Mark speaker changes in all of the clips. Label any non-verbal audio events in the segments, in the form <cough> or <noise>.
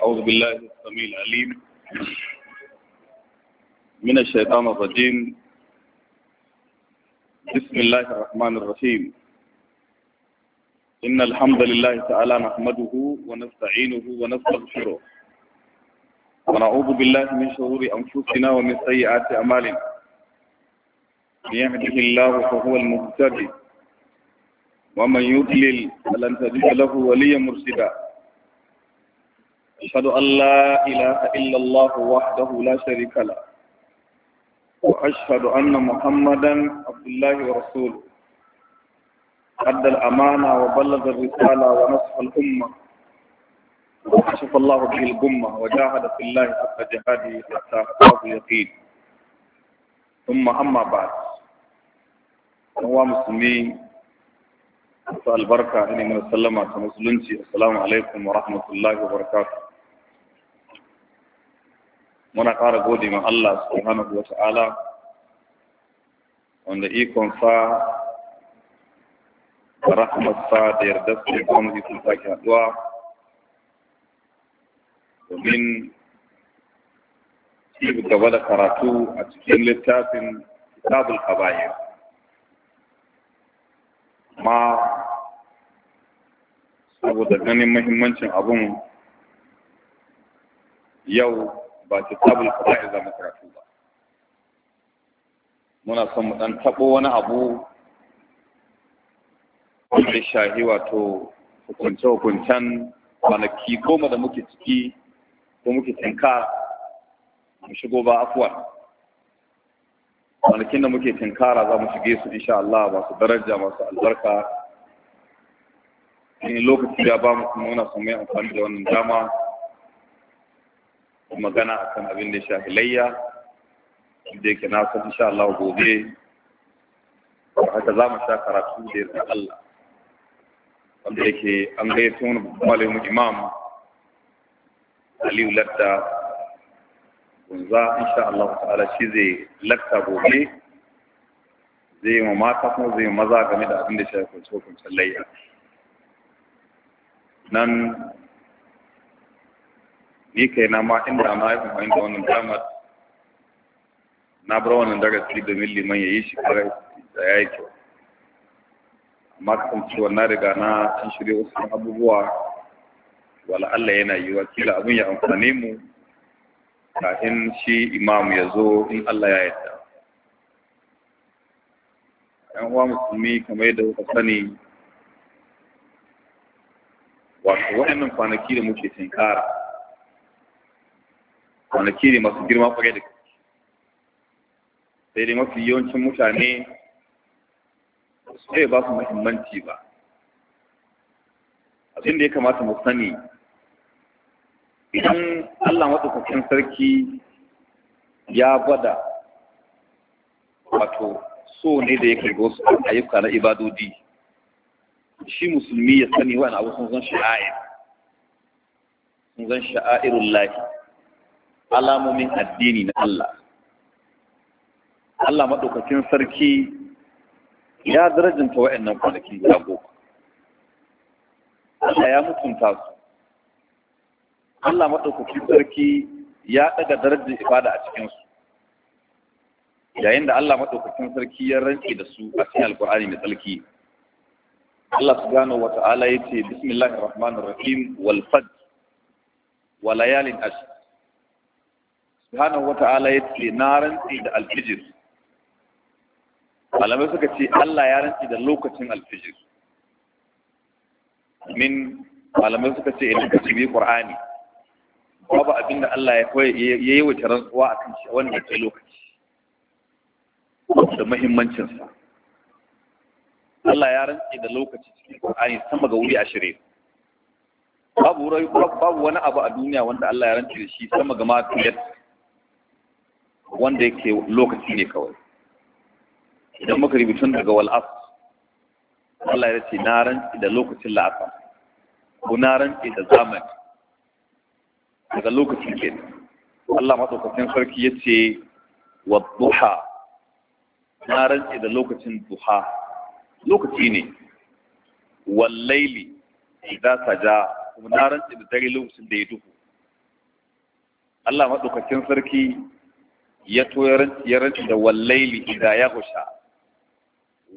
Speaker 1: أعوذ بالله السميع العليم من الشيطان الرجيم بسم الله الرحمن الرحيم إن الحمد لله تعالى نحمده ونستعينه ونستغفره ونعوذ بالله من شرور أنفسنا ومن سيئات أعمالنا من يهده الله فهو المهتدي ومن يضلل فلن تجد له وليا مرشدا أشهد أن لا إله إلا الله وحده لا شريك له وأشهد أن محمدا عبد الله ورسوله أدى الأمانة وبلغ الرسالة ونصح الأمة وكشف الله به الأمة وجاهد في الله حق جهاده حتى أتاه اليقين ثم أما بعد هو مسلمين masu albarka ne mana sallama ta musulunci assalamu alaikum wa rahmatullahi wa muna ƙara gode ma Allah subhanahu wa ta'ala wanda ikon sa da rahmatsa da yarda su ya kuma ikon sake haɗuwa domin ci gaba da karatu a cikin littafin kitabul kabayir ma saboda ganin mahimmancin abun yau ba ta tabul fara'i za karatu ba muna son mu ɗan taɓo wani abu da shahi wato hukunce-hukuncen kwanaki goma da muke ciki ko muke tinka mu shigo ba afuwa kwanakin da muke tinkara za mu shige su insha Allah masu daraja masu albarka in lokaci ya ba mu kuma muna samun mai amfani da wannan dama magana akan abin da ya shafi layya da yake na san insha Allah gobe haka za mu sha karatu da yarda Allah wanda yake an gayyato wani malamin imam Aliyu Ladda a insha Allah ta'ala shi zai lakta gobe zai yi mata kuma zai yi maza game da abin da shi kunce hukuncin tsallaya nan ni kai na ma inda na yi amfani da wannan damar na bar wannan darasi domin liman ya yi shi kare da ya yi kyau amma kasancewa na riga na an shirya wasu abubuwa wala Allah yana yiwa kila abin ya amfane mu kafin shi imam ya zo in Allah ya yarda ‘yan uwa musulmi kamar yadda kuka sani wato waɗannan kwanaki da muke tinkara kwanaki ne masu girma kwarai da sai dai mafi yawancin mutane sai ba su muhimmanci ba abin da ya kamata mu sani idan Allah matsakaikin sarki ya gwada wato so ne da yake ga wasu ayyuka na ibadodi shi musulmi ya sani wani abu sun zan sha'a'ir sun zan sha'a'irun lahi alamomin addini na Allah Allah maɗaukakin sarki ya darajinta wa'annan kwanakin jago Allah ya mutunta su Allah maɗaukakin sarki ya ɗaga darajar ibada a cikinsu yayin da Allah maɗaukakin sarki ya rance da su a cikin alkur'ani mai tsarki Allah subhanahu wa ta'ala ya ce bismillahir rahmanir rahim wal fajr wa layalin ashr subhanahu wa ta'ala ya ce na rantse da alfijir malamai suka ce Allah ya rance da lokacin alfijir min malamai suka ce idan ka cibi qur'ani babu abin da Allah ya koya ya yi wuce rantsuwa a kan shi a wannan ke lokaci da mahimmancinsa. Allah ya rantsi da lokaci cikin ƙwa'ani sama ga wuri ashirin babu babu wani abu a duniya wanda Allah ya rantsi da shi sama ga matuyar wanda yake lokaci ne kawai idan muka rubutun daga wal'af Allah ya ce na rantsi da lokacin la'asa ko na rantsi da zamani daga lokacin ke Allah maɗaukacin sarki ya ce wa duha na rantse da lokacin duha lokaci ne wallaili idza ja kuma na rantse da dare lokacin da ya duhu Allah maɗaukacin sarki ya to ya rantse da wallaili idza ya husha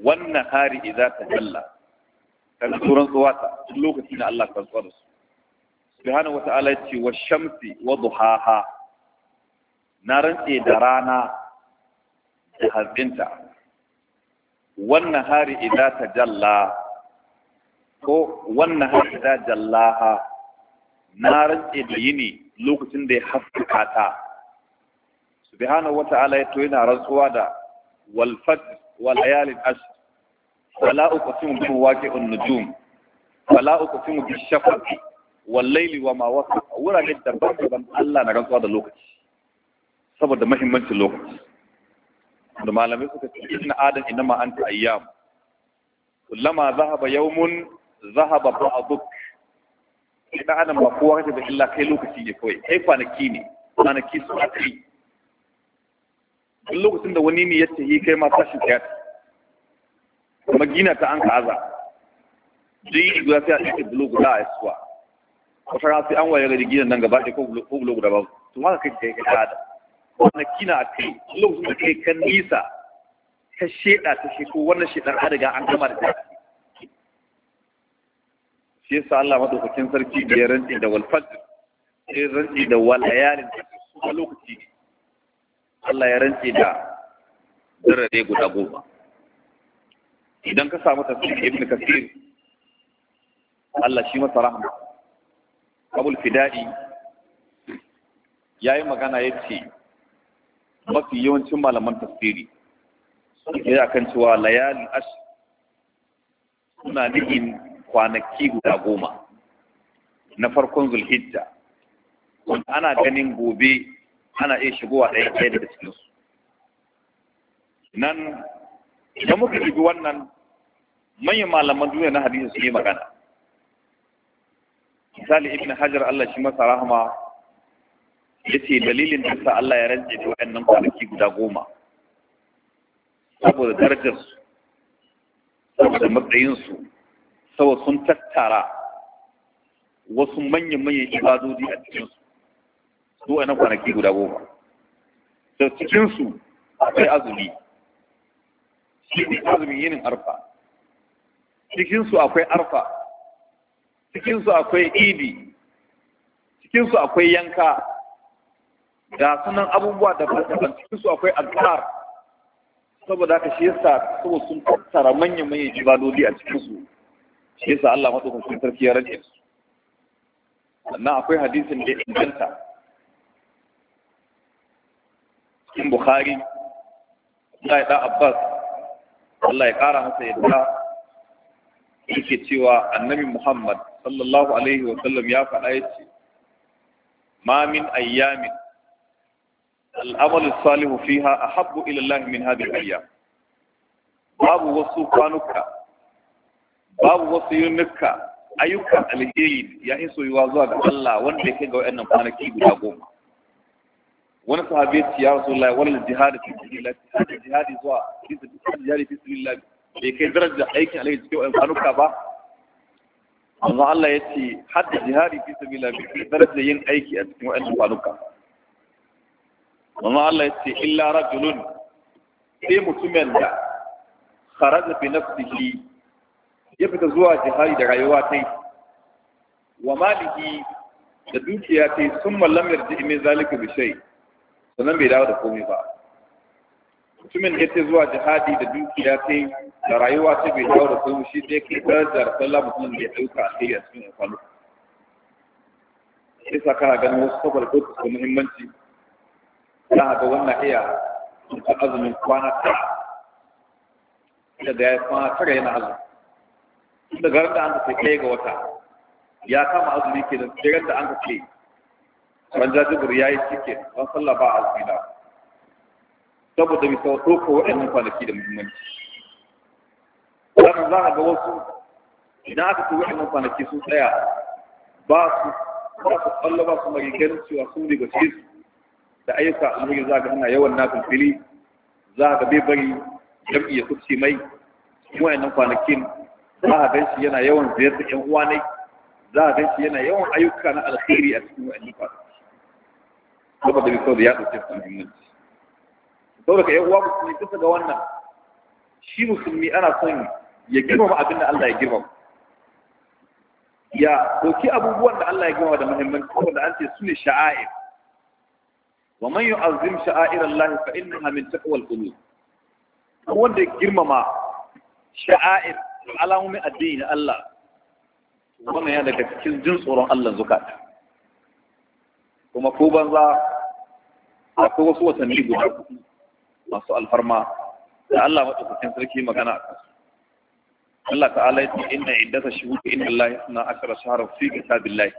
Speaker 1: wannan hari ta tajalla kan turan tsuwata lokaci na Allah kan tsuwa su subhanahu wata'ala ya ce wa shamsi wa duhaha na rantse da rana da hantsinta wannan hari idan ta jalla ko wannan hari idan jallaha na rantse da yini lokacin da ya haskaka ta subhanahu ya to rantsuwa da wal fajr wal layalin ashr fala uqsimu bi waqi'un nujum fala uqsimu bi shafaqi wallaili wa ma wasa wurare daban-daban Allah na rantsuwa da lokaci saboda mahimmancin lokaci da malamai suka ce ina adam an anta ayyam kullama zahaba yawmun zahaba ba'duk ina adam ba kowa kace da illa kai lokaci ne kawai kai kwanaki ne kwanaki su a kai duk lokacin da wani ne ya tahi kai ma fashin kai kuma gina ta an kaza dai ga yi guda sai a cikin bulu guda a wata rafi an waye gari gidan nan gaba ɗaya ko gulo guda babu to ma kai ka kai hada wannan kina kai lokacin da kai kan nisa ta sheda ta shi ko wannan shedar an riga an gama da ta shi yasa Allah madaukakin sarki da ya rantsi da wal fajr sai rantsi da wal su a lokaci Allah ya rantsi da dare guda goma idan ka samu tafsir ibn kasir Allah shi masa rahma abul fidadi ya yi magana ya ce mafi yawancin malaman tafsiri sun ke akan cewa layalin ash suna nufin kwanaki guda goma na farkon zulhijja wanda ana ganin gobe ana iya shigowa ɗaya ɗaya daga cikinsu nan idan muka dubi wannan manyan malaman duniya na hadisi su yi magana misali ibn hajar Allah shi masa rahama ce dalilin da sa Allah ya rance da wayannan kwanaki guda goma saboda darajar su saboda matsayin su saboda sun tattara wasu manyan manyan ibadodi a cikin su su wayannan kwanaki guda goma da cikin su akwai azumi shi ne azumin yinin arfa cikin su akwai arfa cikinsu akwai idi cikinsu akwai yanka da sunan abubuwa da daban cikinsu akwai azkar saboda haka shi yasa saboda sun tattara manyan manyan ibadodi a cikinsu shi yasa Allah madaukakin sarki ya rage su sannan akwai hadisin da inganta cikin Bukhari Allah ya da Abbas Allah ya kara masa yadda yake cewa annabi Muhammad sallallahu alaihi wasallam ya faɗa ya ce Mamin ayyamin al'amal salihu fiha a ila Allah min hadhihi ayyam babu wasu kwanuka babu wasu yunuka ayyukan alheri ya yi soyuwa zuwa ga Allah wanda ya kai ga wayannan kwanaki guda goma wani sahabi ya ce ya rasulullahi wal jihad fi sabilillah jihad jihad zuwa fi sabilillah bai kai daraja aikin alheri cikin wayannan kwanuka ba manzo Allah ya ce hadda jihari fi sabila bi daraja yin aiki a cikin wayan kwanuka manzo Allah ya ce illa rajulun sai mutumin da kharaja bi nafsihi ya fita zuwa jihari da rayuwa tai wa malihi da dukiya yi sun lam yarji min zalika bi sannan bai dawo da komai ba mutumin da ta zuwa jihadi da dukiya sai da rayuwa ta bai dawo da kuma shi sai kai darajar sallah mutumin da ya ɗauka a kai a cikin kwallo sai sa kana ganin wasu saboda ko su muhimmanci za ga wannan iya ta azumin kwana tara da ya kwana tara yana azumi inda garin da an ka kai ɗaya ga wata ya kama azumi ke da tseren da an ka kai ran jajibir ya yi cikin ran sallah ba azumi na saboda bisa ɗauka waɗannan kwanaki da muhimmanci sannan za a ga wasu idan aka ci waɗannan kwanaki sun tsaya ba su ba su tsallo ba su mari ganin cewa sun rigace su da ayyuka alheri za ga ana yawan nafin fili za ga bai bari jam'i ya kuce mai waɗannan kwanakin za a gan shi yana yawan ziyartar ƴan uwa ne za a gan shi yana yawan ayyuka na alheri a cikin waɗannan kwanaki saboda bisa da ya ɗauke su muhimmanci saboda ka yan uwa musulmi bisa ga wannan shi musulmi ana son ya girmama abin da Allah ya girmama ya doki abubuwan da Allah ya girmama da muhimmanci saboda an ce su ne sha'air wa man yu'azzim sha'air Allah fa innaha min taqwal qulub wanda ya girmama sha'air alamomin addini na Allah wannan yana daga cikin jin tsoron Allah zukata kuma ko banza akwai wasu watanni guda masu alfarma da Allah madaukakin sarki magana a kasu. Allah ta'ala ya ce inna iddata hudu, inda Allah ya suna ashara shaharar fi kitabillahi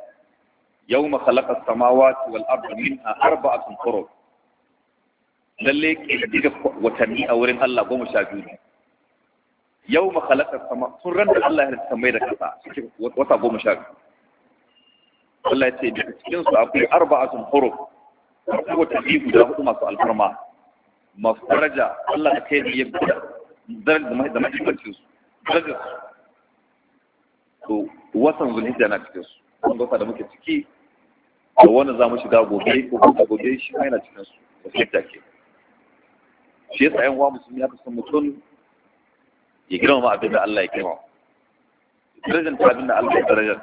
Speaker 1: yawma khalaqa as-samawati wal arda minha arba'atun qurub lalle kididdiga watanni a wurin Allah goma sha biyu ne yau ma makalakar sama sun randa Allah ya halitta mai da kasa wata goma sha biyu Allah ya ce daga cikin su akwai arba'atun huruf akwai watanni guda hudu masu alfarma masu daraja Allah ka kai biyar da mahimmancin su darajar su to watan zulhijja na cikin su wanda wata da muke ciki da wannan za mu shiga gobe ko kuma gobe shi ma yana cikin su da zulhijja ke shi yasa yan uwa musulmi aka san mutum ya ma abin da Allah ya kima darajar ta abin da Allah ya darajar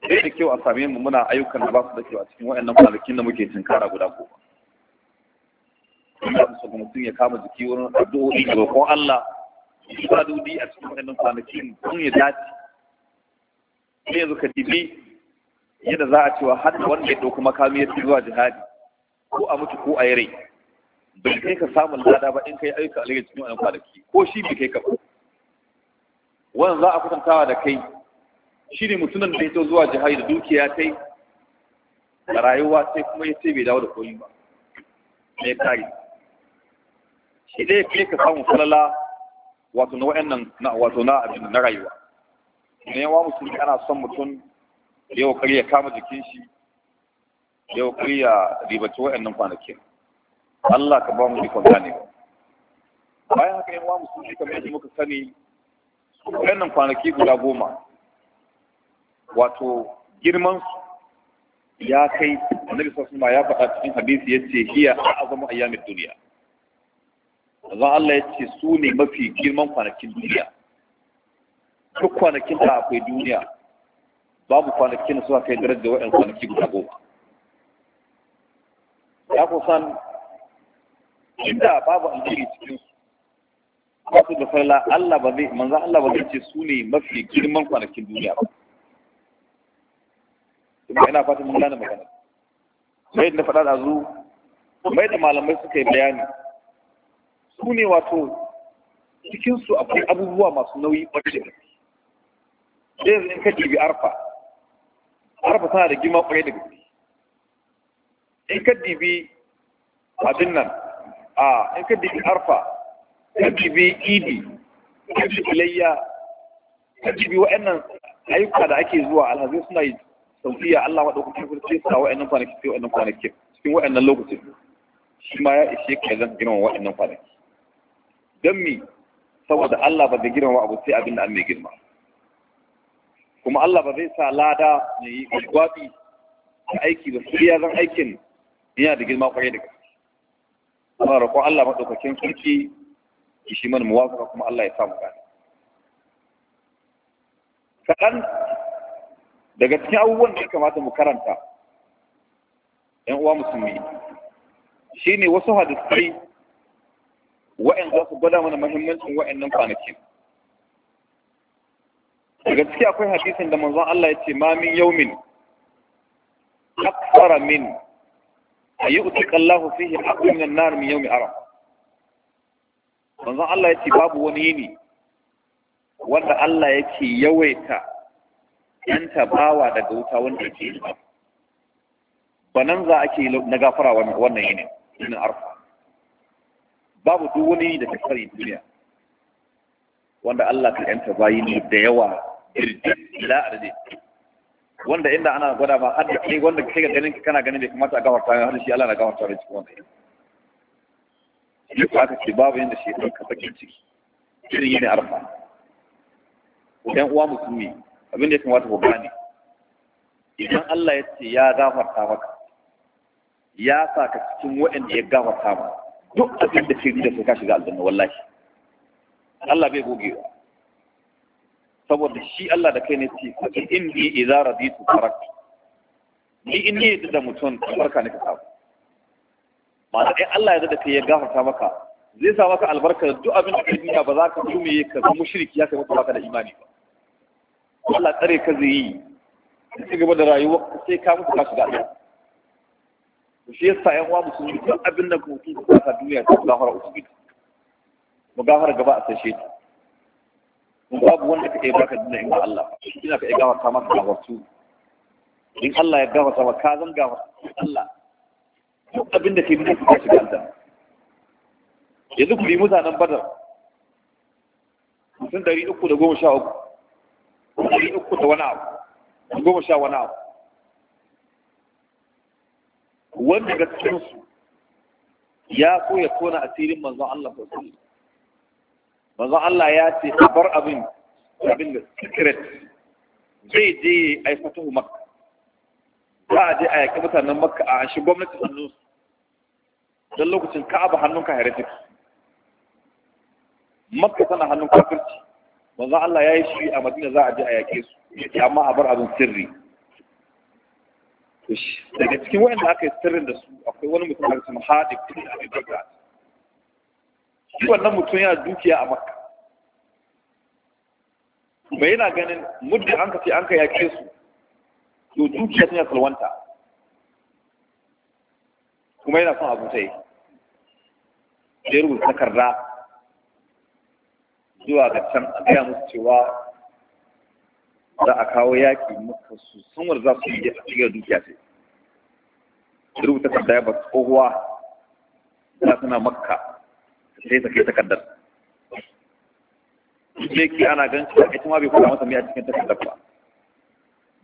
Speaker 1: sai da kyau a same mu muna ayyukan da ba su da kyau a cikin waɗannan kwanakin da muke tunkara guda goma ina so ga mutum ya kama jiki wurin addu'o'i da roƙon Allah ibadodi a cikin wannan kwanakin sun ya dace ne yanzu ka dibi yadda za a cewa har wanda ya ɗauki makami ya zuwa jihadi ko a mutu ko a yi rai bai kai ka samun lada ba in kai ayyuka alheri cikin wannan kwanaki ko shi bai kai ka ba wannan za a kusantawa da kai shi ne mutumin da ya to zuwa jihadi da dukiya ta da rayuwa sai kuma ya ce bai dawo da koyi ba me kare shi dai kai ka samu salala wato na wa'annan na wato na abin na rayuwa ne yawa musulmi ana son mutum yau kariya kama jikin shi yau kariya ribaci wa'annan kwanaki. Allah ka ba mu ikon gane bayan haka yawa musulmi kamar yadda muka sani wa'annan kwanaki guda goma wato girman su ya kai annabi sallallahu alaihi wasallam ya faɗa cikin hadisi yace hiya a'zamu ayyamid duniya Zan Allah ya ce su ne mafi girman kwanakin duniya duk kwanakin da akwai duniya babu kwanakin da suka kai da wa'in kwanaki guda goma ya kusan inda babu alheri cikin su ba su da farla Allah ba zai manzan Allah ba zai ce su ne mafi girman kwanakin duniya ba kuma ina fatan mun gane magana sai da faɗa da zu mai da malamai suka yi bayani su ne wato cikinsu akwai abubuwa masu nauyi ɓarshe da sai yanzu in ka dibi arfa arfa tana da girma ƙwarai da gaske in ka dibi abin nan a in ka dibi arfa ka dibi idi ka dibi layya ka dibi wa'annan ayyuka da ake zuwa alhazai suna yi sauƙiya Allah maɗaukakin sarki sa wa'annan kwanaki sai wa'annan kwanakin cikin wa'annan lokacin shi ma ya ishe kai zan girma wa'annan kwanaki don mi saboda Allah ba zai girma abu sai abin an mai girma kuma Allah ba zai sa lada ne yi gwabi da aiki ba suriya zan aikin yana da girma kwaye da gaske ana roƙon Allah maɗaukakin sarki ki shi mana muwafaka kuma Allah ya samu gani kaɗan daga cikin abubuwan da ya kamata mu karanta ‘yan uwa musulmi shi ne wasu hadisai wa'in za su gwada mana mahimmancin nan kwanaki. daga ciki akwai hadisin da manzon Allah ya ce ma min yaumin akthara min ayyutika Allah fihi haqqun min an yau min yawmi arab manzon Allah ya ce babu wani yini wanda Allah ya yake yawaita yan bawa daga wuta wanda ya Ba nan za ake na gafara wannan yini yinin arfa babu duk wani da ta kare duniya wanda Allah ka yanta bayi ne da yawa irji ila arzi wanda inda ana gwada ma har da kai wanda kai ga ganin kana ganin bai kamata a gafarta har shi Allah na gafarta da cikin wannan duk aka ce babu yanda shi ka fakin ciki irin yin arfa ɗan uwa musulmi abin da ya kamata ku gane idan Allah ya ce ya gafarta maka ya sa ka cikin waɗanda ya gafarta maka duk abin da ke da kai ka shiga aljanna wallahi Allah bai goge ba. saboda shi Allah da kai ne ce in bi idza raditu faraktu ni in ne da mutum barka ne ka samu ma'ana in Allah ya da kai ya gafarta maka zai sa maka albarka duk abin da kai duniya ba za ka tume ka zama shirki ya kai maka baka da imani ba Allah tsare ka zai yi ka ci gaba da rayuwa sai ka mutu ka shiga aljanna to shi yasa yan uwa musulmi duk abin da mutum ka kasa duniya ta gafara ubangiji mu gafara gaba a sashe ta mun babu wanda ka iya baka duniya in ba Allah ina ka iya gafarta maka gafartu in Allah ya gafarta maka ka zan gafarta Allah duk abin da ke mutum ka shiga aljanna yanzu ku bi mutanen badar mutum ɗari uku da goma sha uku Ɗari uku da wani abu goma sha wani abu wanda ga cikinsu ya so ya tona asirin manzon Allah ba su manzon Allah ya ce a bar abin abin da secret zai je a yi fatahu makka za a je a yaƙi mutanen makka a shi gwamnati hannunsu don lokacin ka'aba hannunka heretic makka tana hannun kafirci manzon Allah ya yi shi a madina za a je a yaƙe su amma a bar abin sirri daga cikin da aka yi sirrin da su akwai wani mutum da sun haɗe tun da abin da shi wannan mutum yana dukiya a makka mai yana ganin muddin an ka ce an ka ke su to dukiya sun ya salwanta kuma yana son abu sai ya rubuta takarda zuwa ga can a gaya musu cewa za a kawo yaƙi maka su sanwar za su yi a cikin dukiya ce rubuta takarda ba tsohuwa za suna makka sai ta kai takardar sai ki ana gan da ita ma bai kula masa mai a cikin takardar ba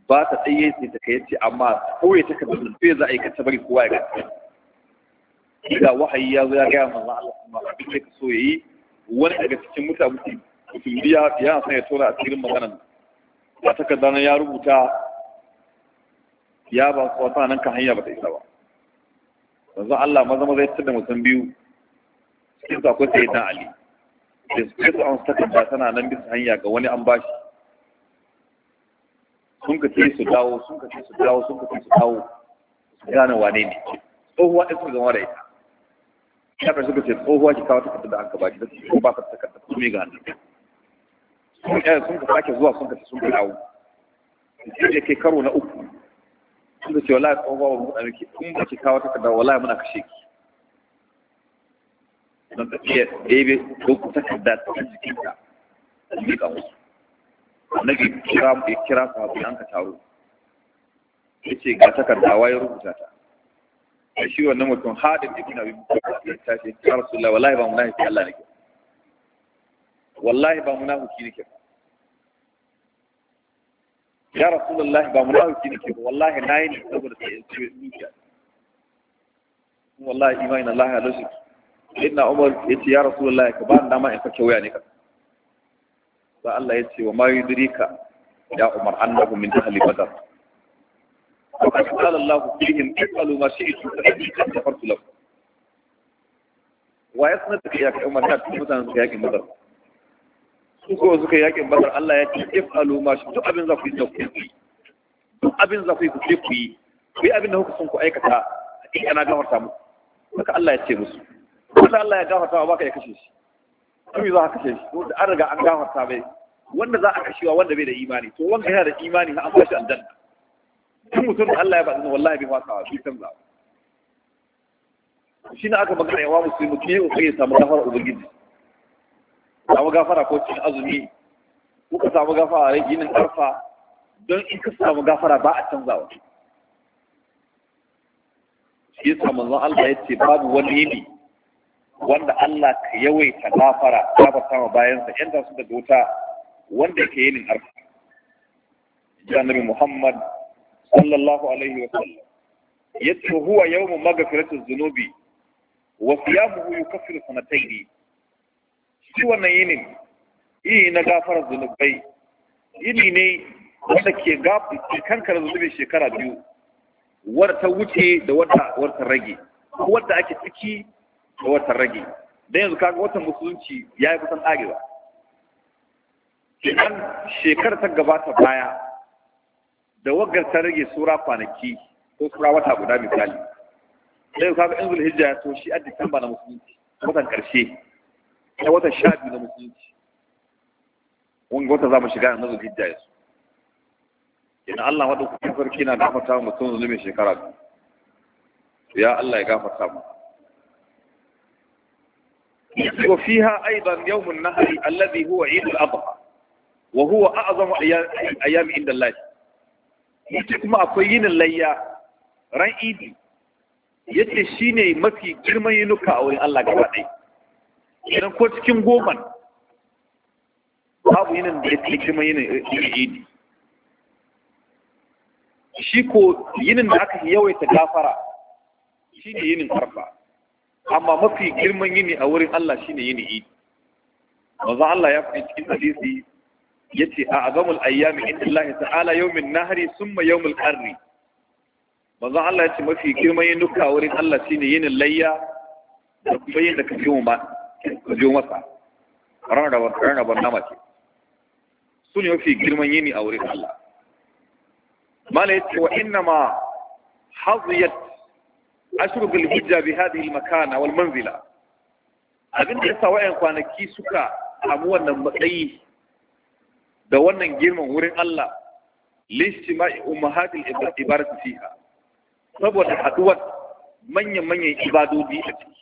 Speaker 1: ba ta tsaye sai ta kai ce amma kawai takardar da sai za a yi kacce bari kowa ya ga ga wahayi ya zo ya gaya manzo Allah kuma abin da ka so yayi wani daga cikin mutane mutum biya ya san ya tura a cikin maganar a ka nan ya rubuta ya ba su wata nan kan hanya ba ta isa ba yanzu Allah maza maza ya da mutum biyu cikin su akwai sayi dan Ali da su kai su an ba tana nan bisa hanya ga wani an bashi sun ka ce su dawo sun ka ce su dawo sun ka ce su dawo su gane wane ne tsohuwa ɗin su zama da ita ya suka ce tsohuwa ki kawo ta da an ka baki da su ba ka takardar kuma ga hannun sun ɗaya sun ka sake zuwa sun ka sun ka dawo sai da kai karo na uku sun ka ce wallahi tsawon babu mu ɗan rike kun ba ki kawo takarda wallahi muna kashe ki don ka iya ɗebe ɗauko takarda ta jikinka da miƙa musu annabi kira ya kira sahabbai an ka taro ya ce ga takarda waye rubuta ta a shi wannan mutum haɗin jikin abin mutum ta ce ya rasu wallahi ba mu lahi Allah ne wallahi ba munafiki nake ba ya rasulullahi ba munafiki nake ba wallahi na yi ne saboda sai in ciwo dukiya wallahi imani Allah ya lushe inna umar yace ya rasulullahi ka ba ni dama in sake waya ne ka Allah ya ce wa umar وقد قال الله فيهم افعلوا ما شئتم فاني قد لكم ويسند يا عمر كانت مثلا في هذه المدرسه su ko suka yakin badar Allah ya ce if aluma shi duk abin za ku yi da ku yi duk abin za ku yi ku ce ku yi ku yi abin da kuka sun ku aikata a cikin ana gafarta mu haka Allah ya ce musu wanda Allah ya gafarta ba ka ya kashe shi kuma za ka kashe shi wanda an riga an gafarta bai wanda za a kashewa wanda bai da imani to wanda yana da imani an bashi aljanna duk mutum da Allah ya ba wallahi bai fasawa bai canza shi ne aka magana yawa musulmi mutum ya kokari ya samu gafara ubangiji samu gafara ko cikin azumi kuka samu gafara a yinin karfa? don in ka samu gafara ba a wa? shi yasa zan Allah ya ce babu wani yini wanda Allah ka yawaita gafara ta ba sama bayansa da su daga wuta wanda ke yinin arfa ji Muhammad sallallahu alaihi wa sallam ce huwa yawmu maghfiratiz zunubi wa kafin sanatai ne shi wannan yinin yi na gafarar zunubai yini ne wanda ke kankar zunubin shekara biyu wadda ta wuce da wata rage wadda ake ciki da wata rage da yanzu kaga watan musulunci ya yi kusan arewa kenan shekar ta gabata baya da wagar ta rage sura kwanaki ko sura wata guda misali sai kaga in zulhijja ya to shi a disamba na musulunci watan karshe na watan sha biyu na musulunci wani wata za mu shiga yanzu hijja yasu ina Allah wadda kuka sarki na gafarta mu mutum zulumin shekara biyu ya Allah ya gafarta mu وفيها أيضا يوم النهر الذي هو عيد الأضحى وهو أعظم أيام عند الله kuma akwai yinin layya ran idi yace shine mafi girman yinuka a wurin Allah gaba ɗaya idan ko cikin goman babu yinin da ya fi girman eh, yinin idi shi ko yinin da aka yawaita gafara shi ne yinin arfa amma mafi girman yini a wurin Allah shi ne yini idi maza Allah ya fi cikin hadisi ya ce a azamul ayyami inda Allah ta'ala yawmin nahari summa yawmul qarni maza Allah ya ce mafi girman yin yinuka wurin Allah shi ne yinin layya da kuma yin da kafin mu ba ku masa nama ce su ne mafi girman yini a wurin Allah mala yake wa inna ma haziyat ashru bil hijja bi hadhihi makana wal manzila abin da yasa wayan kwanaki suka samu wannan matsayi da wannan girman wurin Allah lishtima'i ummahatil ibarat fiha saboda haduwar manyan manyan ibadodi a ciki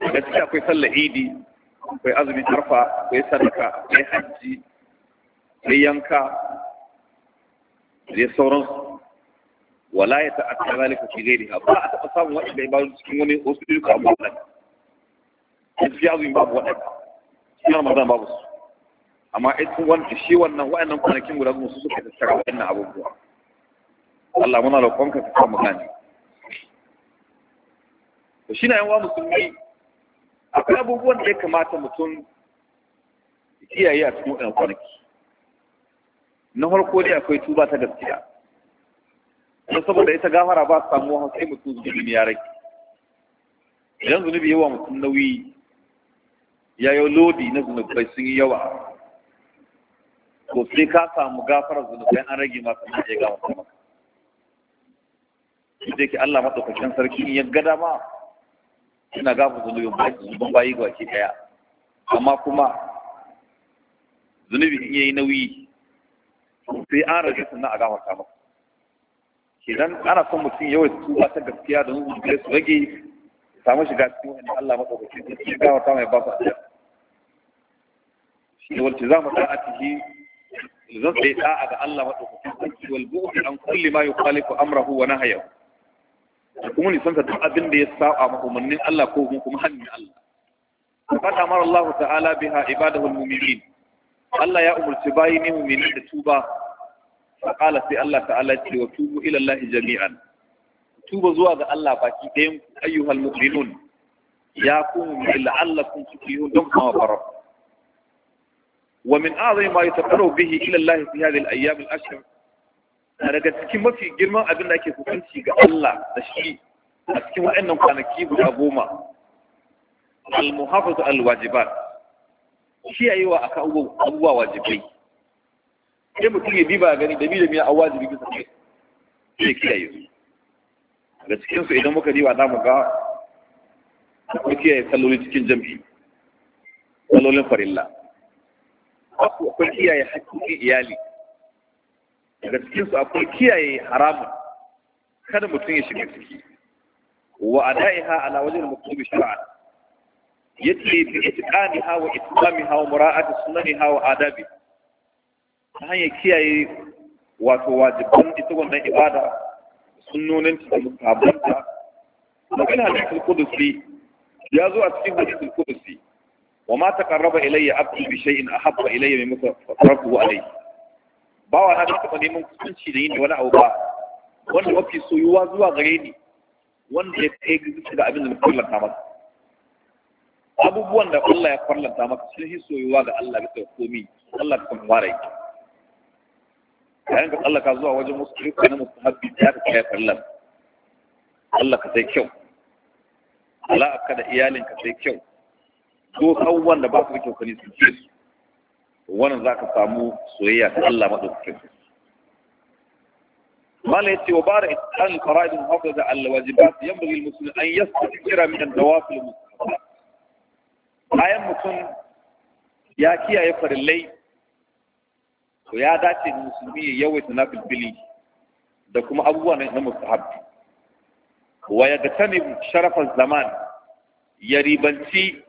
Speaker 1: daga akwai sallar idi akwai azumin arfa akwai sadaka akwai hajji akwai yanka da sauransu wala ya ta'atta zalika fi ghairiha ba a taɓa samun waɗanda ibadu cikin wani wasu duka abu waɗanda a cikin azumin babu waɗanda cikin ramadan babu su amma ita wanda shi wannan wa'annan kwanakin guda su suka tattara wa'annan abubuwa Allah muna roƙonka ta samu gani to shi na yan wa musulmi akwai abubuwan da ya kamata mutum kiyaye a cikin waɗannan kwanaki na farko dai akwai tuba ta gaskiya don saboda ita gafara ba su samu wahan sai mutum zunubi ya rage idan zunubi yawa mutum nauyi ya yi lodi na zunubai sun yi yawa to sai ka samu gafara zunubai an rage ma sannan ya gama maka duk da Allah maɗaukakin sarki ya ga dama yana gafa zunubin bayi ga ke daya amma kuma zunubi in yayi nauyi sai an rage sannan a gafarta maka kenan ana son mutum yawai tuba ta gaskiya da nuna da su rage samu shiga cikin wani Allah maɗaukacin da shi gafarta mai ba su a shi ne wacce za mu ta a ciki zan sai ta'a ga Allah maɗaukacin da shi walbu'u an kulli ma yukhalifu amrahu wa nahayahu da kuma nisanta duk abin da ya saba ma umarnin Allah ko kuma hannun Allah faqad amara Allah ta'ala biha ibadahu al-mu'minin Allah ya umarci bayi ne mu'minin da tuba faqala sai Allah ta'ala ce wa tubu ila Allah jami'an tuba zuwa ga Allah baki ɗayan ayyuhal mu'minun ya kun la'allakum tuflihun don kuma farar wa min a'zami ma yataqarrabu bihi ila Allah fi hadhihi al-ayyam daga cikin mafi girman abin da ake hukunci ga Allah da shi a cikin waɗannan kwanaki guda goma al-muhafazu al-wajibat kiyayewa akan abubuwa wajibai sai mutum ya diba gani da bi da miya awajibi wajibi bisa kai sai kiyaye daga cikin su idan muka riwa zamu ga akwai kiyaye salloli cikin jam'i sallolin farilla akwai kiyaye hakkin iyali daga cikinsu akwai kiyaye haramun kada mutum ya shiga ciki wa adaiha ala wajen maktubi shar'a yace bi hawa wa islamiha wa mura'ati sunani wa adabi ta hanyar kiyaye wato wajibin ita wannan ibada sunnoninta da musabbanta daga hadisul kudusi ya zo a cikin hadisul kudusi wa ma taqarraba ilayya abdu bi shay'in ahabba ilayya mimma taqarrabu alayhi bawa wa don taɓa neman kusanci da yin wani abu ba wanda mafi soyuwa zuwa gare ni wanda ya kai zuci da abin da kwallanta masa abubuwan da Allah ya kwallanta maka sun yi soyuwa ga Allah bisa komi Allah ta kan ware ki yayin da Allah ka zuwa wajen wasu ayyuka na mustahabbi ya ka kai farlan Allah ka sai kyau ala'aka da iyalinka sai kyau ko abubuwan da ba su da kyau ne su ce su wannan za ka samu soyayya ta Allah maɗaukakin mala ya ce wa bara an faradin hafa da allawajibat yan bugil musulun an yasta kira min dawafil musulun bayan mutum ya kiyaye farillai to ya dace da musulmi ya yawaita na filfili da kuma abubuwa na mustahab wa ya ga tanin sharafar zaman ya ribanci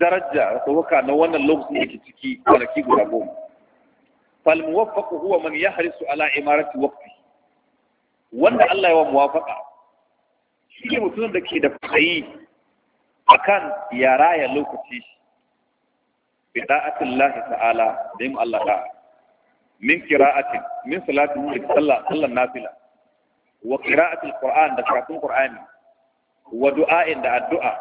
Speaker 1: daraja da na wannan lokacin da ke ciki kwanaki guda goma falmuwafaku huwa man ya harisu ala imarati waqti wanda Allah ya wa muwafaka shi ne mutum da ke da fasayi akan ya raya lokaci bi da'atillahi ta'ala da yin Allah ta'ala min qira'atin min salatin da sallah sallan nafila wa qira'atil qur'an da karatun qur'ani wa du'a'in da addu'a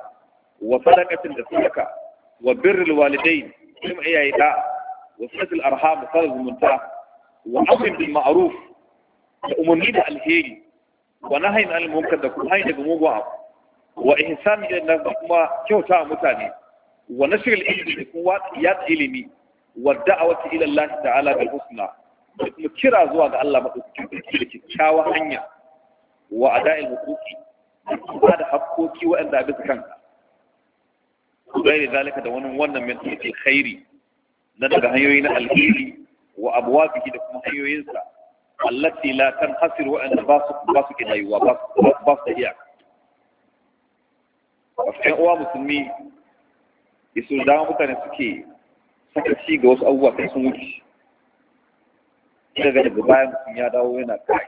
Speaker 1: wa sadaqatin da sadaka wa birrul walidain kuma iyaye da wa silatul arham da zumunta wa amrin bil ma'ruf da umarni da alheri wa nahyin anil munkar da kuma daga mugun abu wa ihsani ila nas kuma kyauta mutane wa nashr al ilmi da kuma yat ilimi wa da'awati ila Allah ta'ala bil husna da kuma kira zuwa ga Allah madaukakin da kyakkyawa hanya wa ada'il huquqi ba da hakkoki waɗanda a bisa kanka غير ذلك ده wannan wannan min tuti khairi na daga hanyoyi na alheri wa abwabihi da kuma hanyoyinsa allati la tanhasir wa an basu basu kidaiwa basu basu iya wasu uwa musulmi isu da mutane suke sakaci ga wasu abubuwa kai sun wuce ina ga daga bayan mutum ya dawo yana kai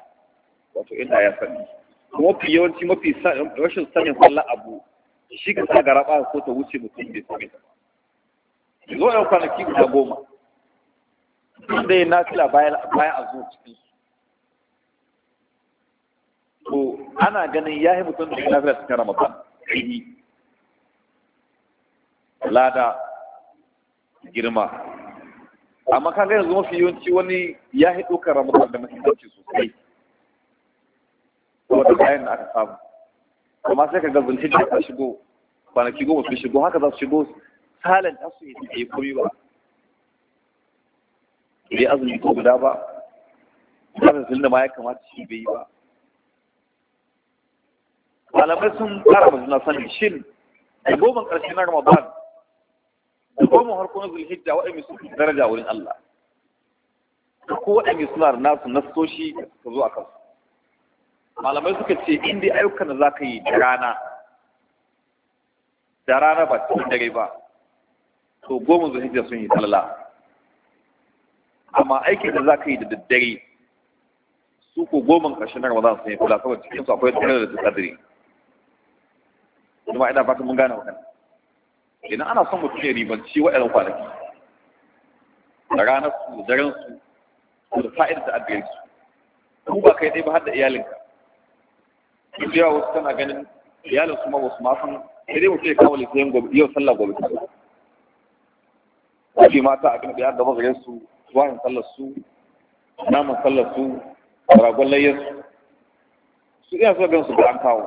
Speaker 1: wato ina ya sani kuma mafi yawanci mafi rashin sanin sallah abu shi ka sa garaba ko ta wuce mutum bai sami ta zo yau kwanaki guda goma inda ya nasila bayan a zo cikin to ana ganin ya yi mutum da ya nasila cikin ramadan ƙini lada girma amma kan ga yanzu mafi yawanci wani ya yi ɗaukar ramadan da mahimmanci sosai saboda bayan da aka samu amma sai ka ga zulhijja ta shigo kwanaki goma su shigo haka za su shigo salin ta su yi komi ba bai azumi ko guda ba tsarin sun da ma ya kamata shi bai yi ba malamai sun ƙara masu suna sani shin a goma ƙarshen na ramadan da goma harko na zulhijja waɗanda su daraja wurin allah ko waɗanda suna da nasu nasoshi ka zo a kansu malamai suka ce inda ayyukan da za ka yi da rana da rana ba cikin dare ba to goma zuwa hijja sun yi talla amma aikin da za ka yi da daddare su ko goma ƙarshen na ramadan sun yi kula saboda cikin su akwai tsare da tsadiri kuma ina fata mun gane wannan idan ana son mutum ya ribanci wa'yan kwanaki da ranar su da daren su da fa'idar da adiyar su ku ba kai dai ba har da iyalinka biya wasu tana ganin iyalin su ma wasu ma san sai dai mutum ya kawo lisiyan gobe yau sallah gobe ta wasu mata a kan biyar da mazarin su tuwahin sallar su naman sallar su ragon layyar su su iya so gan su da an kawo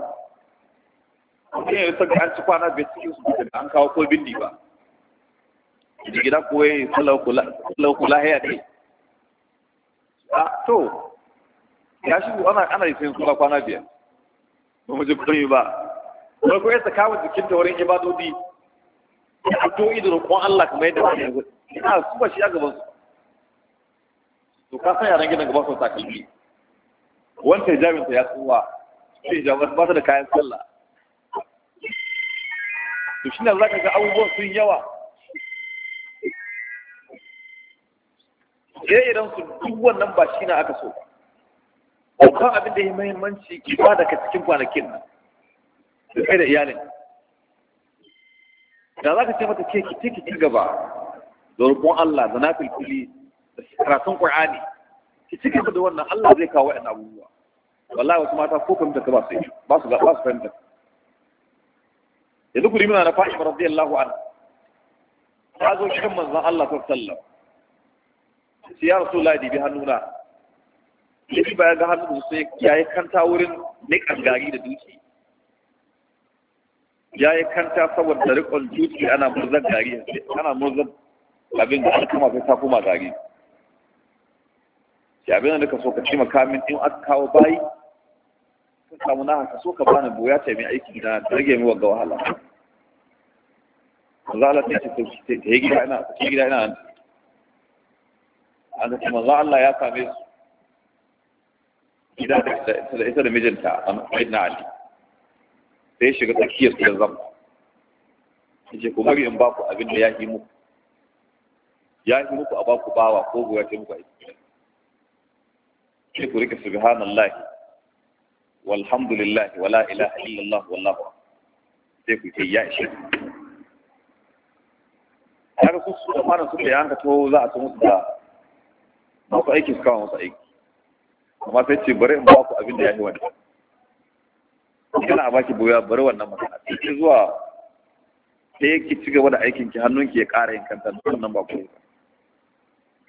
Speaker 1: mutum ya saka an ci kwana bai cikin su da an kawo ko bindi ba da gida kuwa ya yi sallar kula haya ne a ah, to ya shi ana yi yi sai kwana biyar ba mu ji kuɗin ba ba ko yasa kawo jikin da wurin ibadodi ya addu'o'i da roƙon Allah kamar yadda wani yanzu ina su ba shi a gaban su to ka san yaran gidan gaban su takalmi wanda ya ta ya tsuwa sai ya ba su da kayan sallah to shi ne za ka ga abubuwan sun yawa ire-iren su duk wannan ba shi na aka so babban abin da ya mahimmanci ki ba daga cikin kwanakin nan da kai da iyalin da za ka ce mata ke ki ki ci gaba da rubun Allah da nafil kuli da karatun Qur'ani ki ci gaba da wannan Allah zai kawo wa'annan abubuwa wallahi wasu mata ko fahimta ta ba su ba su ba su fahimta yanzu ku rimina na Fatima radiyallahu anha ta zo cikin manzon Allah sallallahu alaihi wasallam ya rasulullahi bi hannuna ya ba ya ga hannun sai ya yi kanta wurin nikan gari da dutse ya yi kanta saboda rikon dutse ana murzan gari ana murzan abin da aka kama sai ta koma gari ya abin da ka so ka ce makamin in aka kawo bayi ka samu na haka so ka bani boya ta mai aiki na rage mai wanga wahala za Allah ta ta yi gida ina ta gida ina an ta ce Allah ya same su gida da ita da mijinta a na ali sai shiga tsakiyar da zama yace ku bari in baku abin da ya yi muku ya yi muku a baku bawa ko guwa ce muku a yi sai ku rika subhanallahi Walhamdulillah, wala ilaha illallah wallahu sai ku ce ya ishe har su da fara su da yanka to za a ta musu da ku aiki su kawo masu aiki amma sai ce bari in ba ku abin da ya yi wani. kana a baki boya bari wannan magana sai ki zuwa sai yake ci gaba da aikin ki hannun ki ya ƙara yin kanta wannan ba ku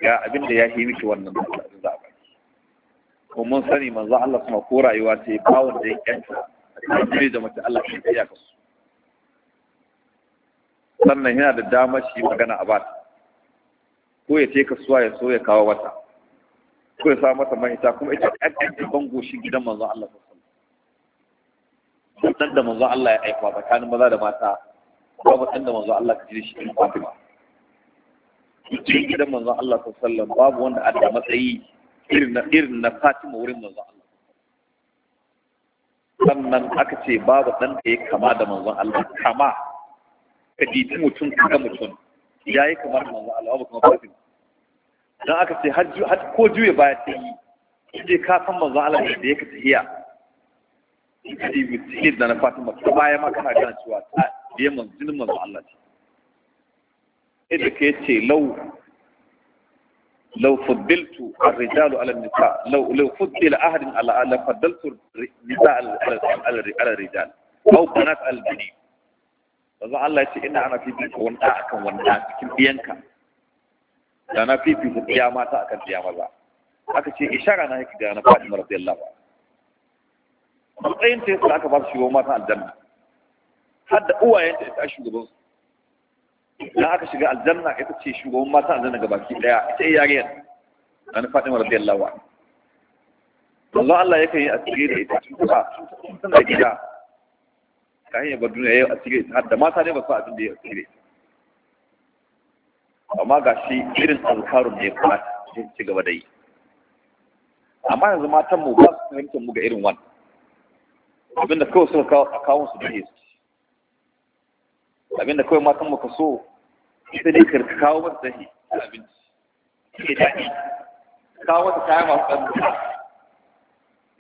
Speaker 1: ya abin da ya yi miki wannan da za a baki kuma mun sani manzo Allah kuma ko rayuwa ta yi bawon da ya kyanta a da mace Allah shi ya kasu sannan yana da damar shi magana a bata ko ya ce kasuwa ya so ya kawo wata ko ya samu mata mahita kuma ita ƙarƙar da bango shi gidan manzon Allah sallallahu alaihi da manzon Allah ya aika tsakanin maza da mata babu ɗan da manzon Allah ka ji shi ɗin Fatima cikin gidan manzon Allah sallallahu alaihi babu wanda adda matsayi irin na Fatima wurin manzon Allah sannan aka ce babu ɗan da ya kama da manzon Allah kama ka diti mutum ka mutum ya yi kamar manzon Allah babu kuma fatima don aka ce ko juya baya ta yi inda ka san manzon Allah da ya ka tahiya ka dibi tahiyar da na Fatima ta baya ma kana gane cewa ta biye manzon manzon Allah ce inda ka ce lau لو فضلت الرجال على النساء لو لو فضل احد على لفضلت النساء على الرجال او بنات البنين فذا الله يتي ان انا في بيت وانا اكن وانا cikin biyanka da na fifita ya mata akan ya maza aka ce ishara na yake ga na Fatima lafa a matsayin ta yasa aka ba su shugaban mata aljanna har da uwayen ta ita shugaban su Na aka shiga aljanna ita ce shugaban mata aljanna ga baki daya ita yariyar da na Fatima radiyallahu anha Allah Allah yakan yi asiri da ita tun tana gida kayan yabar duniya a asiri har da mata ne ba su abin da ya asiri amma ga shi irin azkarun ne kuma sai ci gaba da yi amma yanzu matan mu ba su fahimtar mu ga irin wani. abinda kawai suka kawo a kawon su dole su abinda kawai matan mu ka so sai dai ka kawo mata dahi a abinci ke daɗi kawo mata kaya masu ɗan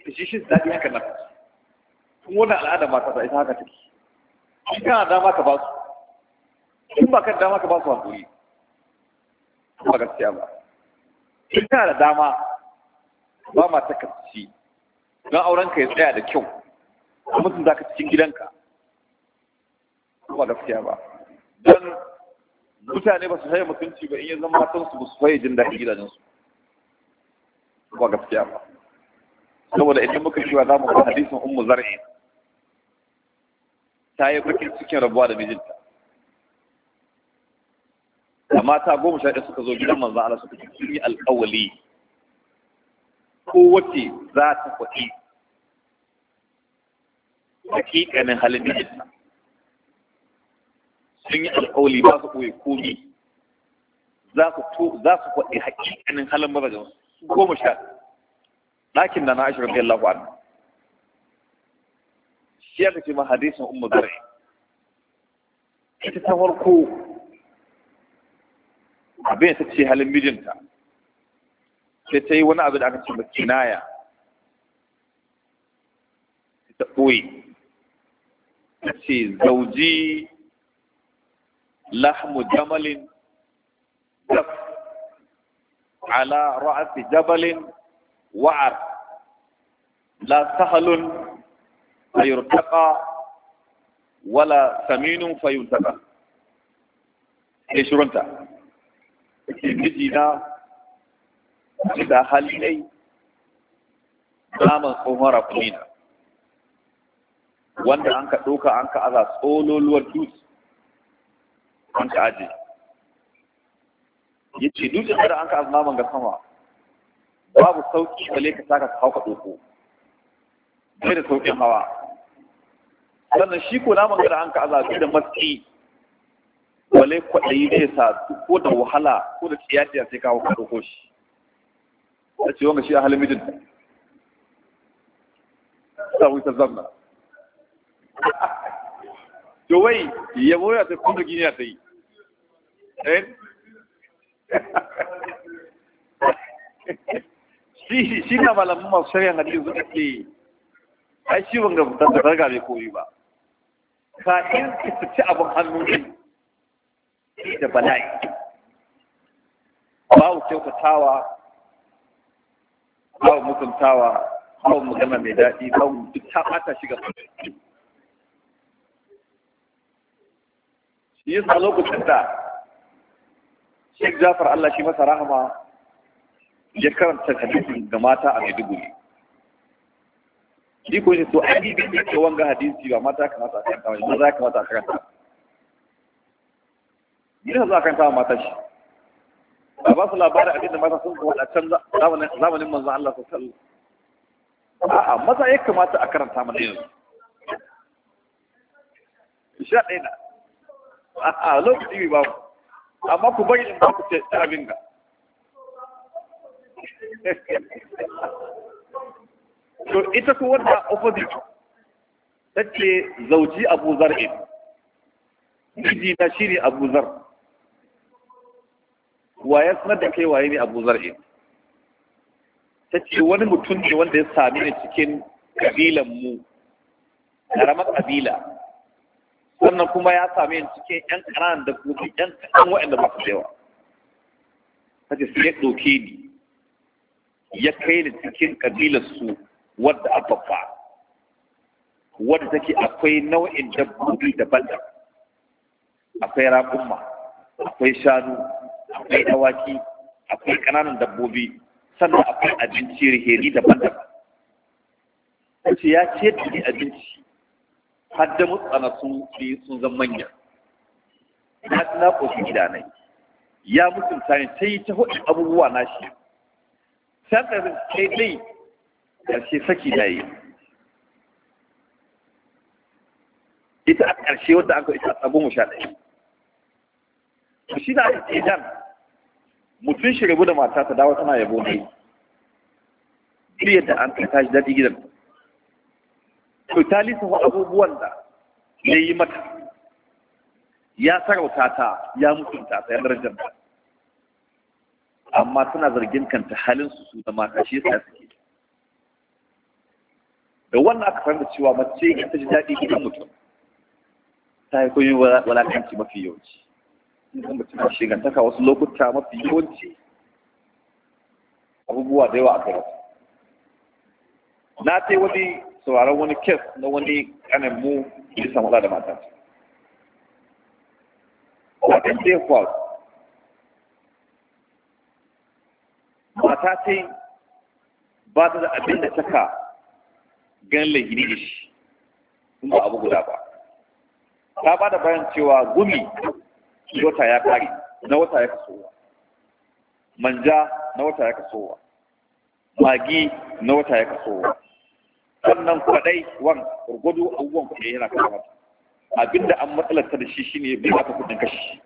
Speaker 1: da shi shi daɗi haka nan kun wannan al'ada mata da ita haka take shi kana dama ka ba su in ba ka dama ka ba su hankali ba gaskiya ba in kana da dama ba ma kasance don auren ka ya tsaya da kyau a mutum za ka cikin gidanka ba gaskiya ba don mutane ba su haye mutunci ba in ya zama matan su ba su haye jin daɗin gidajensu ba gaskiya ba saboda idan muka shiwa za mu ba hadisin ummu zar'i ta yi bakin cikin rabuwa da mijinta mata goma sha suka zo gidan manzan Allah suka ce sun yi alƙawali kowace za ta faɗi hakikanin halin mijinta sun yi alƙawali ba su ɓoye komi za su faɗi hakikanin halin mazajen su goma sha ɗakin da na ashirin biyar lafi annu shi ya kace ma hadisin ummu zar'i ita ta farko abin ta ce halin mijinta sai ta yi wani abu da aka ce kinaya ta ɓoye ta ce zauji lahmu jamalin daf ala ra'asi jabalin wa'ar la sahalun fayurtaka wala saminun fayurtaka sai shirunta ce mijina da halilai naman tsohon rakumina wanda an ka ɗauka an ka aza tsololuwar dutse an ka aje ya ce dutsen da an ka aza naman ga sama babu sauƙi bale ka saka ka hauka ɗoko Sai da sauƙin hawa sannan shi ko naman ga da an ka aza su da maski. walai kwaɗayi ne sa ko da wahala ko da tsiyaciya sai kawo ka ko shi a ce wanga shi a halin mijinta sa wuta zamna <laughs> to wai yabo ya ta kuma gini ya ta yi eh? <laughs> shi na malamin masu shari'a na hadisi suka ce ai shi wanga da zarga mai koyi ba ka in ka ci abin hannun ne da bala'i babu kyautatawa babu mutuntawa babu magana mai daɗi babu duk ta ɓata shi shiga shi sa lokacin da Sheikh Jafar Allah shi masa rahama ya karanta hadisin ga mata a Maiduguri shi ko shi to ai bin ne wanga hadisi ba mata kamata a karanta ba maza kamata a karanta yin za a kan kama mata shi ba ba su labarin abin da mata sun kuma a can zamanin manzan Allah su sallu a'a maza ya kamata a karanta mana yanzu sha ɗaya na a yi ba ku amma ku bari in ba ku ce abin ga <laughs> to ita ku wanda opposite ta ce zauji abu zar'in miji na shi ne abu zar'in wa ya sanar da kai waye ne abu zar'i ta ce wani mutum ne wanda ya sami ni cikin ƙabilanmu ƙaramar ƙabila, kabila sannan kuma ya sami ne cikin yan ƙananan dabbobi yan kaɗan waɗanda ba su da yawa ta ce sai ya ɗauke ni ya kai ni cikin ƙabilarsu wadda a babba wadda take akwai nau'in dabbobi daban-daban akwai raƙumma akwai shanu akwai dawaki akwai ƙananan dabbobi sannan akwai abinci riheri daban-daban yace ya ce ni abinci har da mutsana sun yi sun zan manya na na koshi gidanai ya mutunta ni ta yi ta hudu abubuwa na shi sai ka kai dai ƙarshe saki na yi ita a ƙarshe wadda an ita a goma sha ɗaya shi na idan mutum shi rabu da mata ta dawo tana yabo ne duk yadda an ta shi daɗi gidan to ta lissafa abubuwan da ya yi mata ya sarauta ta ya mutunta ta ya darajar ta amma tana zargin kanta halin su su da mata shi yasa suke da wannan aka fahimta cewa mace ita ta ji daɗi gidan mutum ta yi koyi walakanci mafi yawanci idan mutum na shigantaka wasu lokuta mafi yawanci abubuwa da yawa a kai na ce wani sauraron wani kes na wani kanan mu ya samu da mata wajen da ya faru mata ce ba ta da abin da taka ganin lahiri da shi ba abu guda ba ta ba da bayan cewa gumi wata ya kare na wata ya kasowa manja na wata ya kasowa magi na wata ya kasowa sannan kwadai wan gurgudu abubuwan kwadai yana kasa abinda an matsalarta da shi ne bai aka kudin kashi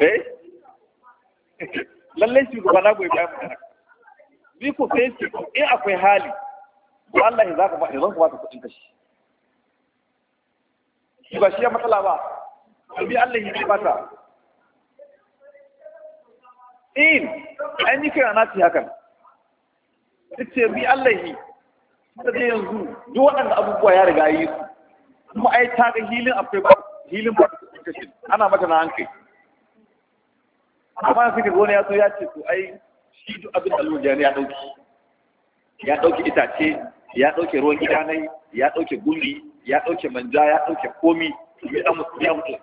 Speaker 1: eh lallai shugaba na goyi bayan magana Biko sai ce in akwai hali za Allah ya ku ba ya zanka kashi shi ba shi ya matsala ba bi Allah ne ba ta in an yi kira na ci hakan ce bi Allah ya da yanzu duk waɗanda abubuwa ya riga yi su kuma ai ta ga hilin akwai ba hilin ba kashi ana mata na hankali amma suka gona ya so ya ce to ai shi duk abin da Allah ya dauki ya dauki itace ya ɗauke ruwan gidanai ya ɗauke gundi ya ɗauke manja ya ɗauke komi ya ɗan musulmi ya mutu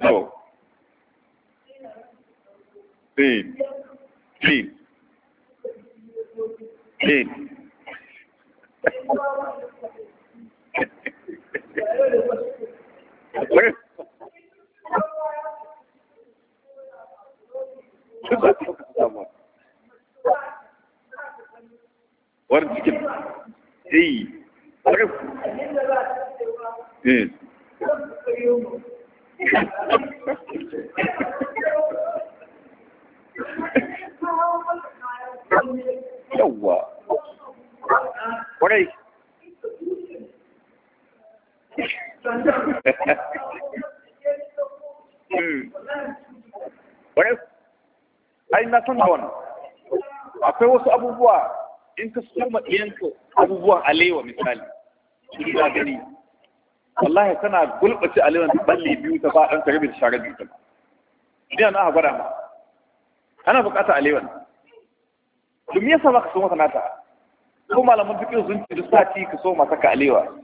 Speaker 1: no clean clean clean Thank you. <laughs> war cikin eh yawwa hmm. ai na san da wannan akwai wasu abubuwa in ka soma iyanka abubuwan alewa misali shi za gani wallahi kana gulɓace alewa ta balle biyu ta fadan ka rabin share biyu ta ba na gwada ma ana buƙatar alewa domin yasa ba ka soma sanata ko malamin duk sun ci duk sati ka soma saka alewa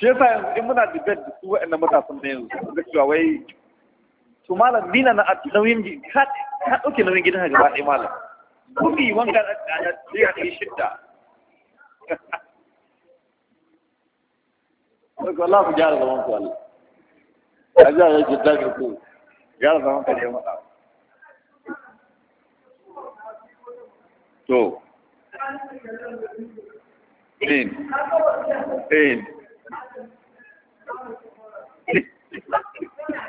Speaker 1: shi yasa yanzu in muna debate da su waɗannan matasan da yanzu da cewa wai to malam mina na nauyin ka ɗauke nauyin gidan gaba ɗaya malam kuɗi wanga da ƙana ɗaya ɗaya shidda Sarki Allah ku gyara zaman ku Allah. Ya gyara yake dagar gyara zaman ka da yawan To. In. In.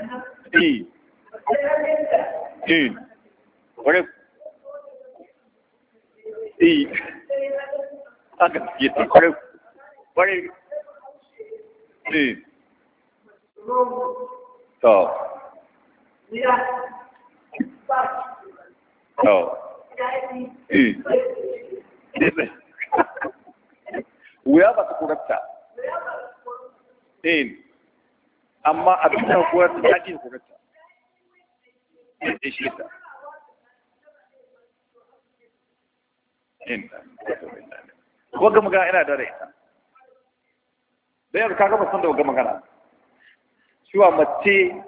Speaker 1: eh wuya ba ta amma abin da kuwa ta daɗi ku rata da shi ta ga magana ina da rai da ka gaba sun da ga magana cewa mace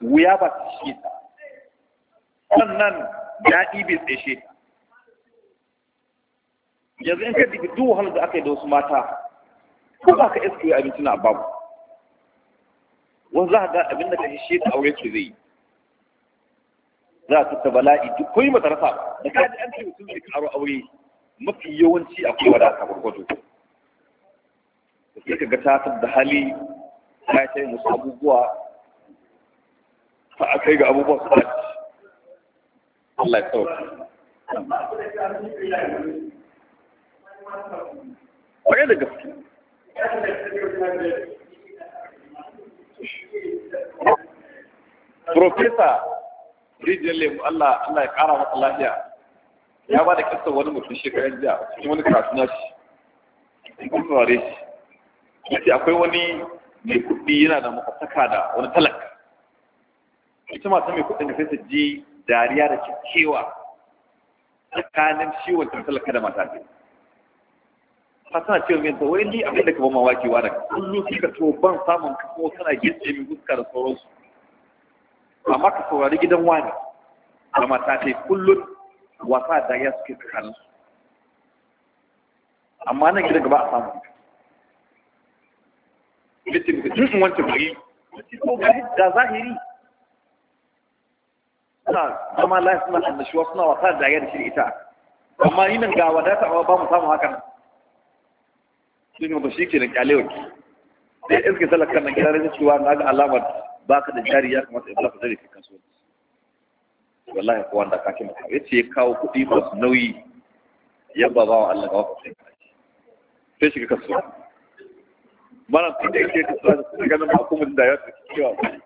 Speaker 1: wuya ba ta shi ta sannan daɗi bai tsaye ta yanzu in ka dibi duk wahalar da aka yi da wasu mata ko ba ka iske abinci na babu wani za a ga abin da ka shi da aure ke zai za a tattaba bala'i duk koyi mata rasa da ka an ce mutum zai karo aure mafi yawanci akwai wadata gwargwado da suka ka ga ta da hali ta yi musu abubuwa ta a kai ga abubuwa su ba Allah ya sauka. da gaske. profesa rijiyar lemu Allah Allah ya kara masa lafiya ya ba da kisa wani mutum shekaran jiya cikin wani karatu na shi cikin turare shi yace akwai wani mai kuɗi yana da makwabtaka da wani talaka ita mata mai kuɗin da sai su ji dariya da kyakkyawa, tsakanin ciwon talaka da mata ta tana ce min to wai ni abin da ka ban waki wa da kullum sai ka to ban samun ka kuma tana gitse min fuska da sauransu amma ka saurari gidan wani da mata ta kullum wasa da ya suke tsakanin su amma nan gidan gaba a samu mutum ka jinsin wancan bari ko Da zahiri suna zama lafiya suna annashuwa suna wasa da ya da shi ita amma ni nan ga wadata ba mu samu hakan sun yi ba shi ke da kyalewaki da ya iske talakar nan gidan rikin cewa na ga alamar ba ka da jari ya kamata ya bala fadari ke kan soji wallahi kowa da kakin da ya ce ya kawo kuɗi masu nauyi ya ba ba wa Allah ga wasu sai sai shiga kasuwa mana kuɗi ke kasuwa da ganin ba kuma da ya fi cewa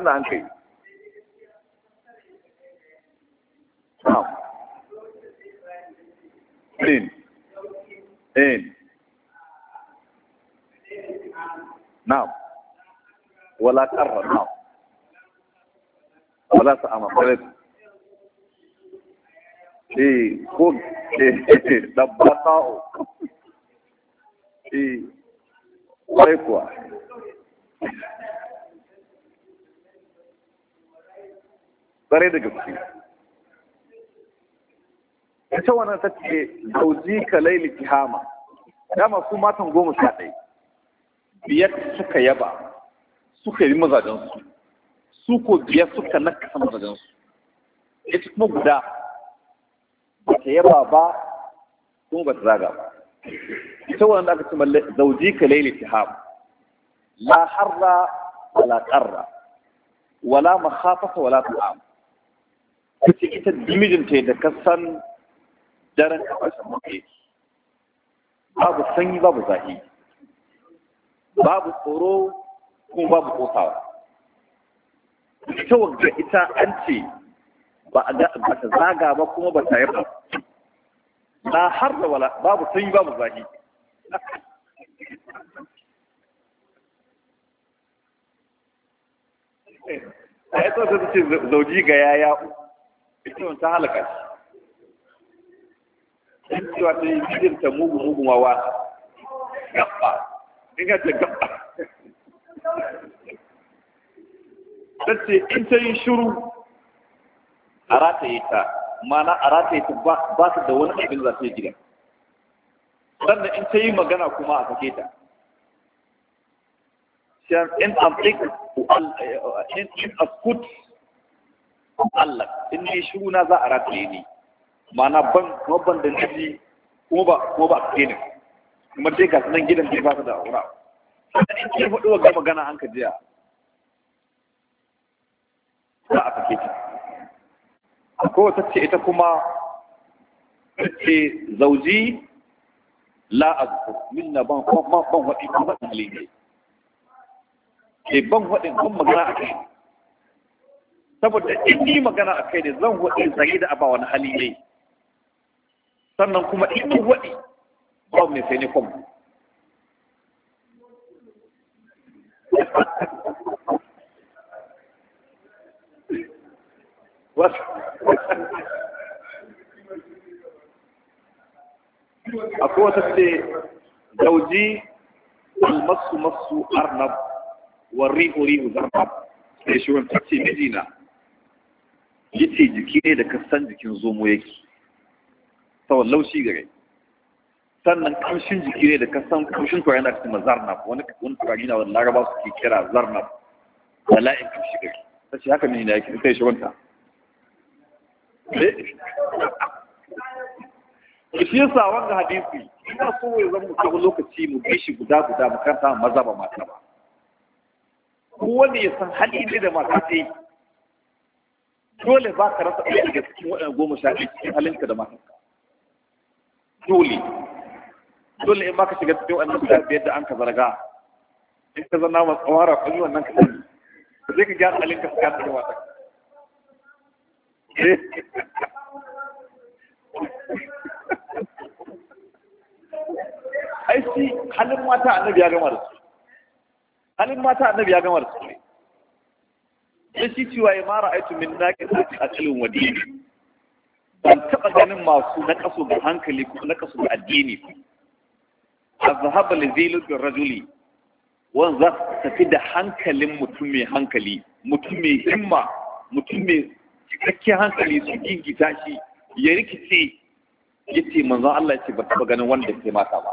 Speaker 1: sunna an kai in in na'am wala karra na'am wala sa'ama kwarai e eh, ko eh dabbata eh, eh kwarai kuwa ƙwarai da gaske ita wannan ta ce zauji ka laili kihama dama su matan goma sha ɗaya biyar suka yaba suka yi mazajensu su ko biyar suka nakasa mazajensu ita kuma guda ba ta yaba ba kuma ba ta zaga ba ita wannan aka ce zauji ka laili kihama la harra wala ƙarra wala mahafasa wala ta'am ta ce ita mijinta da ka san daren kasashen muke? babu sanyi babu zafi babu tsoro kuma babu kosawa ita wanda ita an ce ba a ta zaga ba kuma ba ta yi ba na har da wala babu sanyi babu zafi eh, a yi tsawon ta ce zauji ga yaya uku. fitowar ta halaka shi in cewa ta yi gidinta mugu mugu wawa gaba in ka ce gaba ta ce in ta yi shuru a rataye ta mana a rataye ta ba su da wani abin za su yi gidan sannan in ta yi magana kuma a sake ta in askut Allah in ne shi na za a rataye ni ma'ana ban ban da nabi kuma ba ba a ne kuma dai ga nan gidan bai ba da aura sannan in ce faɗo ga magana an ka jiya za a sake ta akwai wata ce ita kuma ce zauji la azkur minna ban ban ban wadi ban wadi ne ke ban waɗin eh, ban magana a kai saboda in ni magana a kai ne zan waɗi zage da ba wani hali ne sannan kuma in ni waɗi ba mai sai ne kuma akwai wata ce dauji almasu masu arnab wa rihu rihu zarnab sai shi wani tace mijina Jiki jiki ne da kasan jikin zomo yake saboda laushi gare sannan kamshin jiki ne da kasan kamshin turare na kuma zarnab wani wani turare na wani laraba suke kira zarnab la'in kamshi gare ta ce haka mini na yake sai shirunta shi yasa wanda hadisi ina so ya zama mu lokaci mu bi shi guda guda mu karanta maza ba mata ba Kowane ya san hali ne da mata ta yi dole ba ka rasa ɗaya daga cikin waɗanda goma sha ɗaya cikin halinka da matanka dole dole in baka shiga cikin waɗannan guda biyar da an ka zarga in ka zanna masu tsawara kun yi wannan kaɗan ba zai ka gyara halinka su gyara da wata ai shi halin mata annabi ya gama da su halin mata annabi ya gama da su ne Sai shi cewa ya mara aitu min naqis aqalun wadini ban taba ganin masu na kaso ga hankali ko na kaso ga addini da zai zilil rajuli wani za tafi da hankalin mutum mai hankali mutum mai himma mutum mai cikakken hankali su gingita shi ya rikice ya ce manzon Allah ya ce ba taba ganin wanda ya mata ba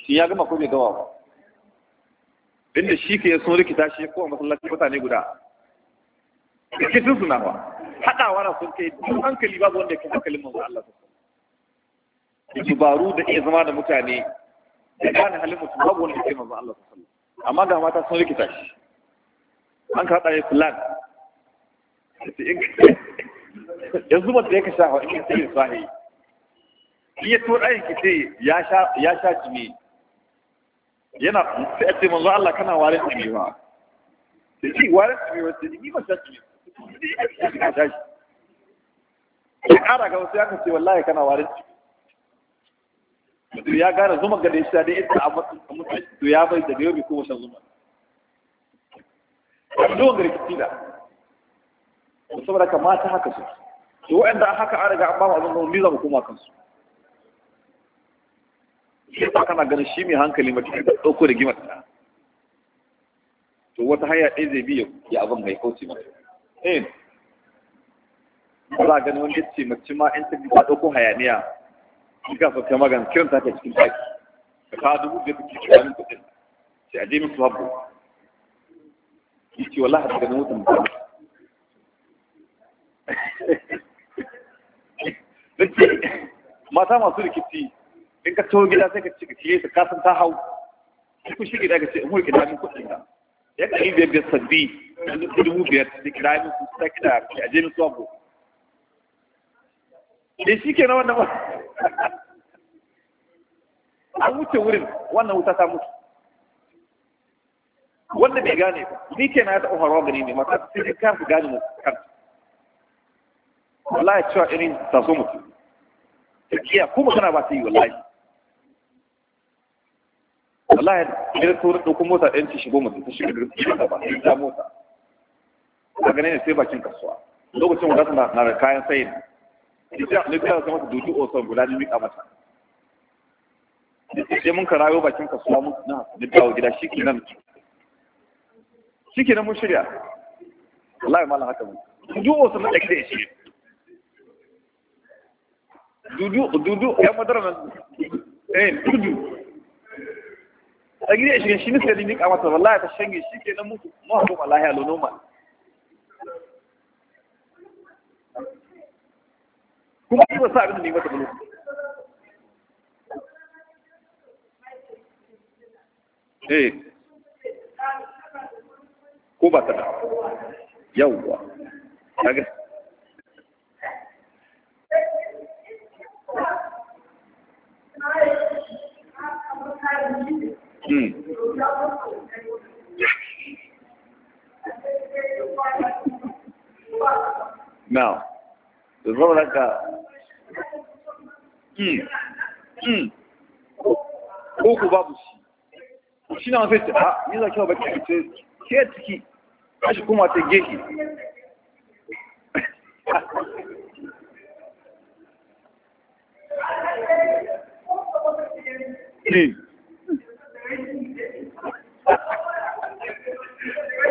Speaker 1: shi ya gama ko bai gama ba inda shi ke sun rikita shi ko masallaci mutane guda Rikicin sun suna haɗawa na sun kai duk hankali babu wanda ya kai hankalin manzo Allah su dubaru da iya zama da mutane da gane halin mutum babu wanda ya kai manzo Allah su amma ga mata sun rikita shi an ka haɗa ya plan yanzu ba da ya ka sha wa in ka sai sahi in ya tura ayin ya sha ya sha jimi yana sai a ce manzo Allah kana warin ɗumi ba sai ce warin ɗumi ba sai ni ba shaki ne ka shaki ya ƙara gaba sai aka kace wallahi kana warin ɗumi ya gane zuma ga da ya dai ita a mutu to ya bai da yobe ko wasan zuma zuwan garkici da saboda ka haka su to waɗanda haka an riga an ba mu abin da mu mu koma kansu ya ba kana ganin shi mai hankali mai da ɗauko da gimar ta to wata hanya ɗaya zai biya ya abin mai ya kauce mata in eh. za a gani wani ce mace ma ɗin ta ta ɗauko hayaniya in ka sauke magan kiran ta ke cikin taki ka kawo dubu da kake kiwanin kuɗin sai a je min habbo yace wala ta ganin wutan ba <laughs> mata masu rikici in ka taho gida sai ka ci ka ciye ta kasan ta hau sai shi gida daga ce in gida damin kuɗi na ya ɗari biyar biyar sabbi na dubu biyar da kira min su ta kira a je min su abu da shi ke na wannan ba an wuce wurin wannan wuta ta mutu wanda bai gane ba ni ke na ya taɓa faruwa gani ne mata sai ka fi gane mu kan wallahi cewa irin taso mutu kiya kuma kana ba ta yi wallahi wallahi da tura ɗauko mota ɗin ci shigo mutum ta shiga da rufe da ba ta mota a ganin ne sai bakin kasuwa lokacin wadata na da kayan sayin ne ta zama ta dutu osan guda ne mika mata sai mun ka rayo bakin kasuwa mun na da dawo gida shi ke nan shi nan mun shirya wallahi malam haka mun dutu osan na ɗaki da ya shirya dudu dudu ya madara nan eh dudu a gida shi shi nisa da mika mata wallahi ta shange shi ke nan mutu mu haɗu wallahi alo noma kuma ni ba sa abin da ni mata bulu eh ko ba ta da yawwa kaga Thank you. Hmm. Now, da saboda ka ko ku babu shi, shi na yi za baki ke kuma ta <laughs>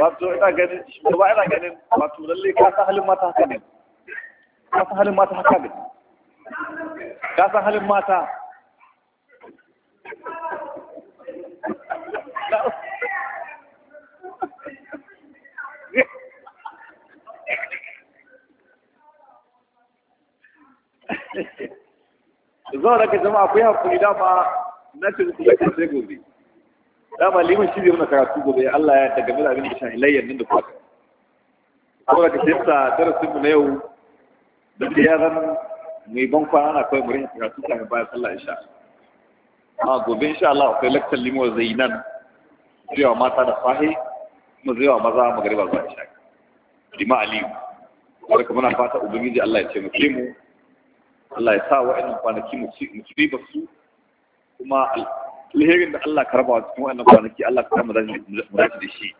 Speaker 1: wato ina ganin gaba ina ganin wato lalle ka san halin mata haka ne ka san halin mata haka ne ka san halin mata zuwa daga jama'a ku yi haƙuri dama na ce muku zai gobe dama liman shi zai muna karatu gobe Allah ya daga da abin da shahi layyan nan da kuma kuma ka sai sa darasin mu na yau da ya zan mai ban kwana na kawai murin karatu kafin bayan sallah insha Allah a gobe insha Allah akwai lakcin Zai zainan zuwa mata da fahe kuma zuwa maza magariba zuwa isha lima aliyu kuma kuma na fata ubangiji Allah ya ce mu mu Allah ya sa wa'annan kwanaki mu ci mu ci su kuma lihirin da Allah ka rabawa cikin wannan kwanaki Allah ka kama mu da shi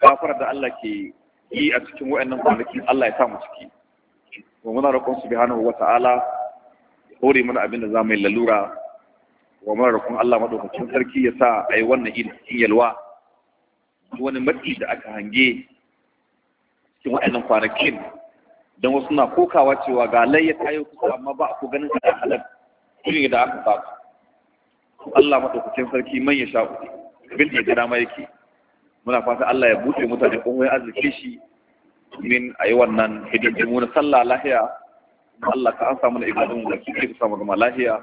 Speaker 1: gafar da Allah ke yi a cikin wa'annan kwanaki Allah ya sa mu ciki to muna roƙon subhanahu wata'ala ya hore mana abin da zamu yi lalura wa muna roƙon Allah madaukakin sarki ya sa yi wannan idi yalwa wani matsi da aka hange cikin wa'annan kwanakin don wasu na kokawa cewa ga layyata yau kusa amma ba a ko ganin ka da halar irin da aka ba Allah madaukakin sarki man ya sha'u bin da gada ma yake muna fata Allah ya buɗe mutane kuma ya arziki shi min a yi wannan hidindimu na sallah lahiya Allah ka an samu na ibadun da kike ka samu zama lahiya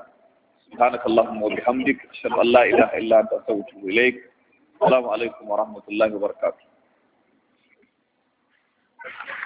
Speaker 1: سبحانك اللهم وبحمدك أشهد أن لا إله إلا أنت أستغفرك إليك